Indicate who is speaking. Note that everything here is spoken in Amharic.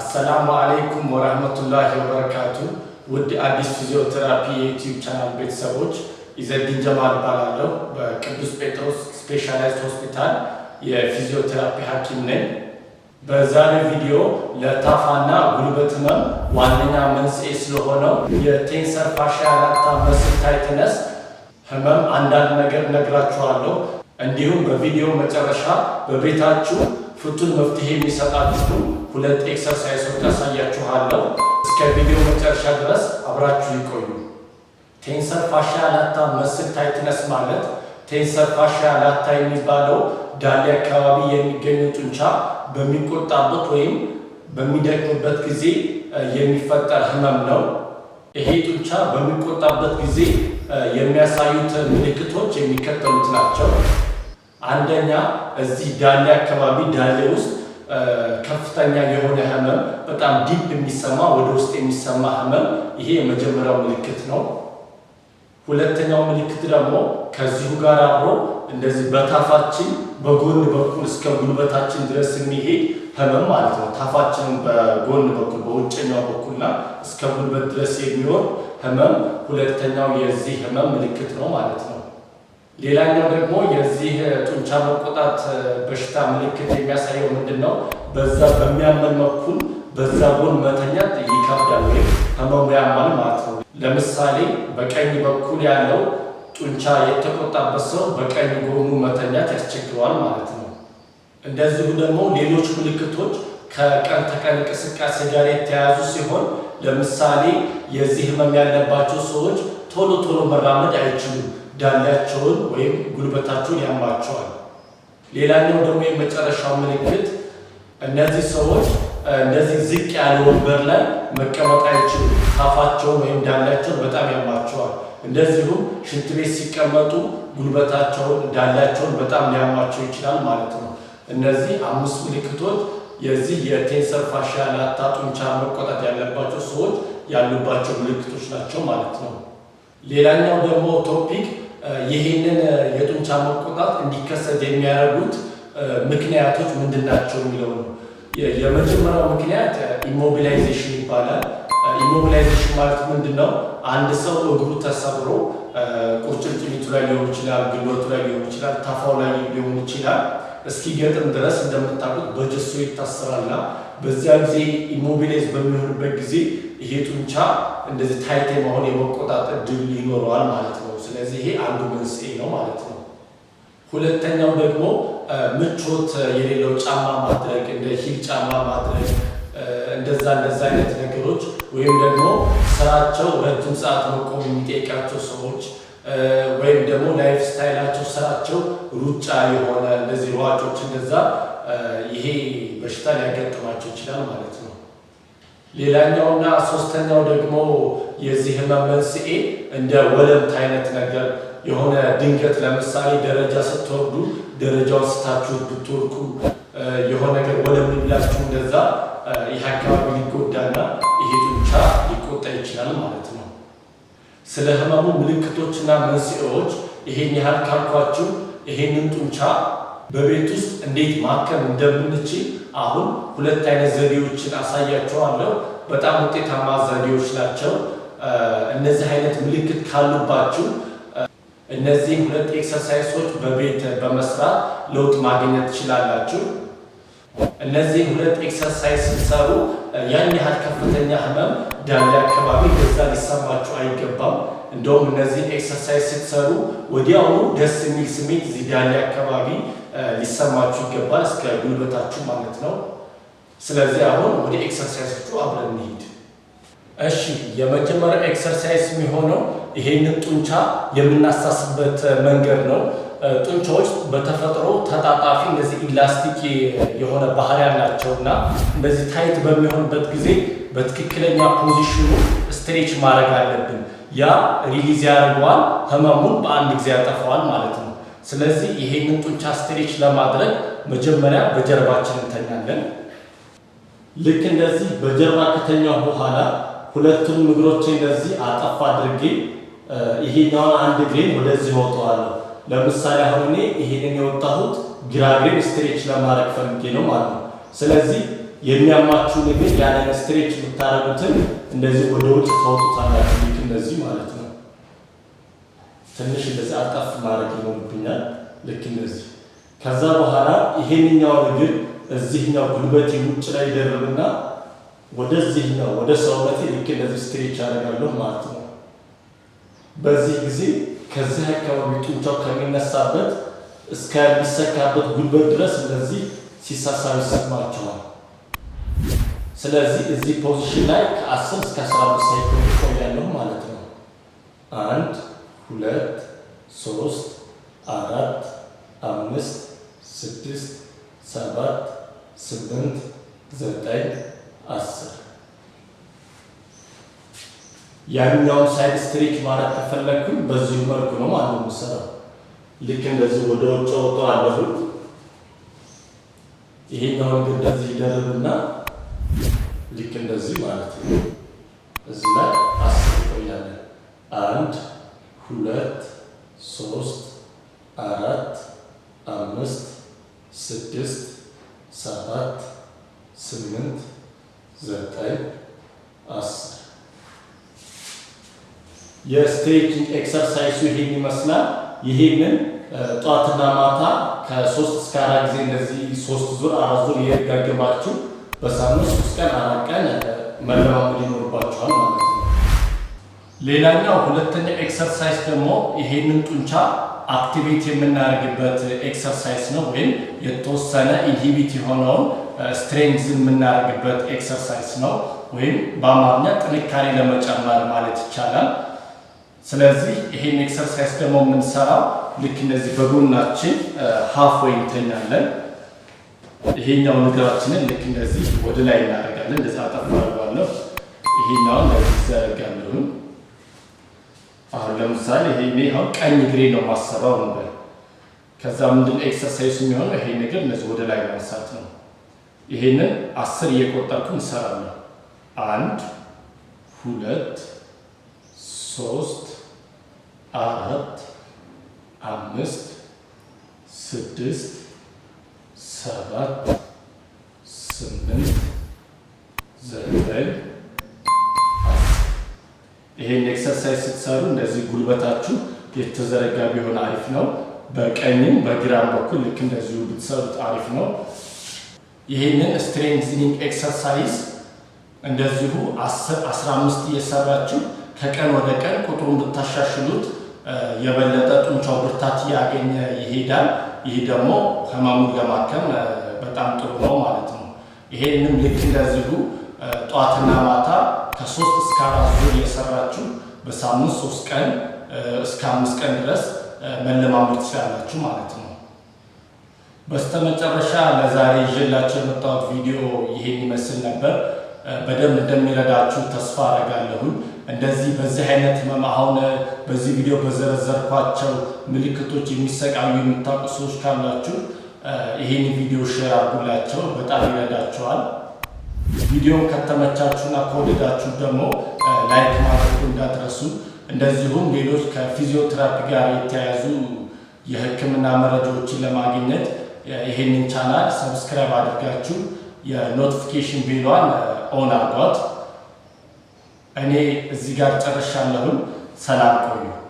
Speaker 1: አሰላሙ አሌይኩም ወረህመቱላሂ ወበረካቱ። ውድ አዲስ ፊዚዮቴራፒ የዩቲዩብ ቻናል ቤተሰቦች ኢዘዲን ጀማል እባላለሁ። በቅዱስ ጴጥሮስ ስፔሻላይዝድ ሆስፒታል የፊዚዮቴራፒ ሐኪም ነኝ። በዛሬው ቪዲዮ ለታፋና ጉልበት ህመም ዋነኛ መንስኤ ስለሆነው የቴንሰር ፋሺያ ላታ መስል ህመም አንዳንድ ነገር ነግራችኋለሁ። እንዲሁም በቪዲዮ መጨረሻ በቤታችሁ ፍቱን መፍትሄ የሚሰጣችሁ ሁለት ኤክሰርሳይሶች ያሳያችኋለሁ። እስከ ቪዲዮ መጨረሻ ድረስ አብራችሁ ይቆዩ። ቴንሰር ፋሻ ላታ መስል ታይትነስ ማለት ቴንሰር ፋሻ ላታ የሚባለው ዳሌ አካባቢ የሚገኙ ጡንቻ በሚቆጣበት ወይም በሚደክምበት ጊዜ የሚፈጠር ህመም ነው። ይሄ ጡንቻ በሚቆጣበት ጊዜ የሚያሳዩት ምልክቶች የሚከተሉት ናቸው። አንደኛ እዚህ ዳሌ አካባቢ ዳሌ ውስጥ ከፍተኛ የሆነ ህመም፣ በጣም ዲፕ የሚሰማ ወደ ውስጥ የሚሰማ ህመም፣ ይሄ የመጀመሪያው ምልክት ነው። ሁለተኛው ምልክት ደግሞ ከዚሁ ጋር አብሮ እንደዚህ በታፋችን በጎን በኩል እስከ ጉልበታችን ድረስ የሚሄድ ህመም ማለት ነው። ታፋችንን በጎን በኩል በውጭኛው በኩልና እስከ ጉልበት ድረስ የሚሆን ህመም ሁለተኛው የዚህ ህመም ምልክት ነው ማለት ነው። ሌላኛው ደግሞ የዚህ ጡንቻ መቆጣት በሽታ ምልክት የሚያሳየው ምንድን ነው? በዛ በሚያመን በኩል በዛ ጎን መተኛት ይከብዳል ወይም ህመሙ ያማል ማለት ነው። ለምሳሌ በቀኝ በኩል ያለው ጡንቻ የተቆጣበት ሰው በቀኝ ጎኑ መተኛት ያስቸግረዋል ማለት ነው። እንደዚሁ ደግሞ ሌሎች ምልክቶች ከቀን ተቀን እንቅስቃሴ ጋር የተያያዙ ሲሆን ለምሳሌ የዚህ ህመም ያለባቸው ሰዎች ቶሎ ቶሎ መራመድ አይችሉም። ዳሌያቸውን ወይም ጉልበታቸውን ያማቸዋል። ሌላኛው ደግሞ የመጨረሻው ምልክት እነዚህ ሰዎች እንደዚህ ዝቅ ያለ ወንበር ላይ መቀመጥ አይችሉም። ታፋቸውን ወይም ዳላቸውን በጣም ያማቸዋል። እንደዚሁም ሽንት ቤት ሲቀመጡ ጉልበታቸውን፣ ዳላቸውን በጣም ሊያማቸው ይችላል ማለት ነው። እነዚህ አምስት ምልክቶች የዚህ የቴንሰር ፋሻ ላታ ጡንቻ መቆጣት ያለባቸው ሰዎች ያሉባቸው ምልክቶች ናቸው ማለት ነው። ሌላኛው ደግሞ ቶፒክ ይህንን የጡንቻ መቆጣት እንዲከሰት የሚያደርጉት ምክንያቶች ምንድን ናቸው የሚለው ነው። የመጀመሪያው ምክንያት ኢሞቢላይዜሽን ይባላል። ኢሞቢላይዜሽን ማለት ምንድን ነው? አንድ ሰው እግሩ ተሰብሮ ቁርጭምጭሚቱ ላይ ሊሆን ይችላል፣ ግሎቱ ላይ ሊሆን ይችላል፣ ታፋው ላይ ሊሆን ይችላል። እስኪገጥም ድረስ እንደምታውቁት በጀሶ ይታሰራልና በዚያ ጊዜ ኢሞቢላይዝ በሚሆንበት ጊዜ ይሄ ጡንቻ እንደዚህ ታይቴ መሆን የመቆጣጠር ድል ይኖረዋል ማለት ነው። ስለዚህ ይሄ አንዱ መንስኤ ነው ማለት ነው። ሁለተኛው ደግሞ ምቾት የሌለው ጫማ ማድረግ፣ እንደ ሂል ጫማ ማድረግ እንደዛ እንደዛ አይነት ነገሮች ወይም ደግሞ ስራቸው ረጅም ሰዓት መቆም የሚጠይቃቸው ሰዎች ወይም ደግሞ ላይፍ ስታይላቸው ስራቸው ሩጫ የሆነ እንደዚህ ሯጮች እንደዛ ይሄ በሽታ ሊያጋጥማቸው ይችላል ማለት ነው። ሌላኛውና ሶስተኛው ደግሞ የዚህ ህመም መንስኤ እንደ ወለምት አይነት ነገር የሆነ ድንገት ለምሳሌ ደረጃ ስትወርዱ ደረጃውን ስታችሁ ብትወርቁ የሆነ ነገር ወለምንላችሁ እንደዛ ይህ አካባቢ ሊጎዳና ይሄ ጡንቻ ሊቆጣ ይችላል ማለት ነው። ስለ ህመሙ ምልክቶችና መንስኤዎች ይሄን ያህል ካልኳችሁ ይሄንን ጡንቻ በቤት ውስጥ እንዴት ማከም እንደምንችል አሁን ሁለት አይነት ዘዴዎችን አሳያችኋለሁ። በጣም ውጤታማ ዘዴዎች ናቸው። እነዚህ አይነት ምልክት ካሉባችሁ እነዚህ ሁለት ኤክሰርሳይሶች በቤት በመስራት ለውጥ ማግኘት ትችላላችሁ። እነዚህ ሁለት ኤክሰርሳይዝ ስትሰሩ ያን ያህል ከፍተኛ ህመም ዳሌ አካባቢ ገዛ ሊሰማችሁ አይገባም። እንደውም እነዚህ ኤክሰርሳይዝ ስትሰሩ ወዲያውኑ ደስ የሚል ስሜት እዚህ ዳሌ አካባቢ ሊሰማችሁ ይገባል፣ እስከ ጉልበታችሁ ማለት ነው። ስለዚህ አሁን ወደ ኤክሰርሳይሶቹ አብረን እንሂድ። እሺ የመጀመሪያ ኤክሰርሳይዝ የሚሆነው ይሄንን ጡንቻ የምናሳስበት መንገድ ነው። ጡንቻዎች በተፈጥሮ ተጣጣፊ እነዚህ ኢላስቲክ የሆነ ባህሪ ያላቸው እና እንደዚህ ታይት በሚሆንበት ጊዜ በትክክለኛ ፖዚሽኑ ስትሬች ማድረግ አለብን። ያ ሪሊዝ ያደርገዋል፣ ህመሙን በአንድ ጊዜ ያጠፋዋል ማለት ነው። ስለዚህ ይሄንን ጡንቻ ስትሬች ለማድረግ መጀመሪያ በጀርባችን እንተኛለን። ልክ እንደዚህ በጀርባ ከተኛው በኋላ ሁለቱም እግሮቼ እንደዚህ አጠፍ አድርጌ ይሄኛውን አንድ እግሬን ወደዚህ ወጣዋለሁ። ለምሳሌ አሁን እኔ ይሄንን የወጣሁት ግራ እግሬን ስትሬች ለማድረግ ፈልጌ ነው ማለት ነው። ስለዚህ የሚያማችሁን እግር ያለን ስትሬች የምታረጉትን እንደዚህ ወደ ውጭ ታወጡታላችሁ። ልክ እንደዚህ ማለት ነው። ትንሽ እንደዚህ አጠፍ ማድረግ ይኖርብኛል። ልክ እንደዚህ። ከዛ በኋላ ይሄንኛውን እግር እዚህኛው ጉልበቴ ውጭ ላይ ይደርብና ወደዚህ ነው ወደ ሰውነቴ ልክ እንደዚህ ስትሬች አደርጋለሁ ማለት ነው። በዚህ ጊዜ ከዚህ አካባቢ ጡንቻው ከሚነሳበት እስከሚሰካበት ጉልበት ድረስ እንደዚህ ሲሳሳብ ይሰማቸዋል። ስለዚህ እዚህ ፖዚሽን ላይ ከ10 እስከ 15 ሳይኮን ይቆያለሁ ማለት ነው። አንድ ሁለት ሶስት አራት አምስት ስድስት ሰባት ስምንት ዘጠኝ አስር ያኛውን ሳይድ ስትሪክ ማለት ከፈለግኩኝ በዚሁ መልኩ ነው ማለት ነው የምሰራው። ልክ እንደዚህ ወደ ውጭ ወጥቶ አለፉት። ይሄኛውን ግን እንደዚህ ይደረብና ልክ እንደዚህ ማለት ነው። እዚህ ላይ አስር ይቆያለን። አንድ ሁለት ሶስት አራት አምስት ስድስት ሰባት ስምንት ዘጠኝ አስር የስትሬችንግ ኤክሰርሳይሱ ይሄን ይመስላል። ይሄንን ጧትና ማታ ከሶስት እስከ አራት ጊዜ እንደዚህ ሶስት ዙር አራት ዙር እየደጋገማችሁ በሳምንት ሶስት ቀን አራት ቀን መለማመድ ይኖርባችኋል ማለት ነው። ሌላኛው ሁለተኛ ኤክሰርሳይዝ ደግሞ ይሄንን ጡንቻ አክቲቪቲ የምናደርግበት ኤክሰርሳይዝ ነው ወይም የተወሰነ ኢንሂቢት የሆነውን ስትሬንግዝ የምናደርግበት ኤክሰርሳይዝ ነው ወይም በአማርኛ ጥንካሬ ለመጨመር ማለት ይቻላል። ስለዚህ ይሄን ኤክሰርሳይዝ ደግሞ የምንሰራው ልክ እንደዚህ በጎናችን ሀፍ ወይ እንተኛለን። ይሄኛውን እግራችንን ልክ እንደዚህ ወደ ላይ እናደርጋለን። እንደዚህ አጠፍ አድርጓለሁ። ይሄኛውን ለዚህ ዘረጋለሁኝ አሁን ለምሳሌ ይሄ አሁን ቀኝ እግሬ ነው ማሰባው እንበል። ከዛ ምንድን ኤክሰርሳይዝ የሚሆነው ይሄ ነገር እነዚህ ወደ ላይ ማንሳት ነው። ይሄንን አስር እየቆጠርኩ እንሰራለን። አንድ ሁለት ሶስት አራት አምስት ስድስት ሰባት ስምንት ዘጠኝ ኤክሰርሳይዝ ስትሰሩ እንደዚህ ጉልበታችሁ የተዘረጋ ቢሆን አሪፍ ነው። በቀኝም በግራም በኩል ልክ እንደዚሁ ብትሰሩት አሪፍ ነው። ይህንን ስትሬንግዝኒንግ ኤክሰርሳይዝ እንደዚሁ 15 እየሰራችሁ ከቀን ወደ ቀን ቁጥሩን ብታሻሽሉት የበለጠ ጡንቻው ብርታት እያገኘ ይሄዳል። ይህ ደግሞ ህመሙን ለማከም በጣም ጥሩ ነው ማለት ነው። ይሄንም ልክ እንደዚሁ ጠዋትና ማታ ከሶስት እስከ አራት ዙር እየሰራችሁ በሳምንት ሶስት ቀን እስከ አምስት ቀን ድረስ መለማመድ ትችላላችሁ ማለት ነው። በስተመጨረሻ ለዛሬ ይዤላችሁ የመጣሁት ቪዲዮ ይሄን ይመስል ነበር። በደንብ እንደሚረዳችሁ ተስፋ አደርጋለሁኝ። እንደዚህ በዚህ አይነት ህመም አሁን በዚህ ቪዲዮ በዘረዘርኳቸው ምልክቶች የሚሰቃዩ የምታውቁ ሰዎች ካላችሁ ይህን ቪዲዮ ሼር አድርጉላቸው፣ በጣም ይረዳቸዋል። ቪዲዮን ከተመቻችሁና ከወደዳችሁ ደግሞ ላይክ ማድረጉ እንዳትረሱ። እንደዚሁም ሌሎች ከፊዚዮቴራፒ ጋር የተያያዙ የሕክምና መረጃዎችን ለማግኘት ይህንን ቻናል ሰብስክራይብ አድርጋችሁ የኖቲፊኬሽን ቤሏን ኦን አርጓት። እኔ እዚህ ጋር ጨርሻለሁም። ሰላም ቆዩ።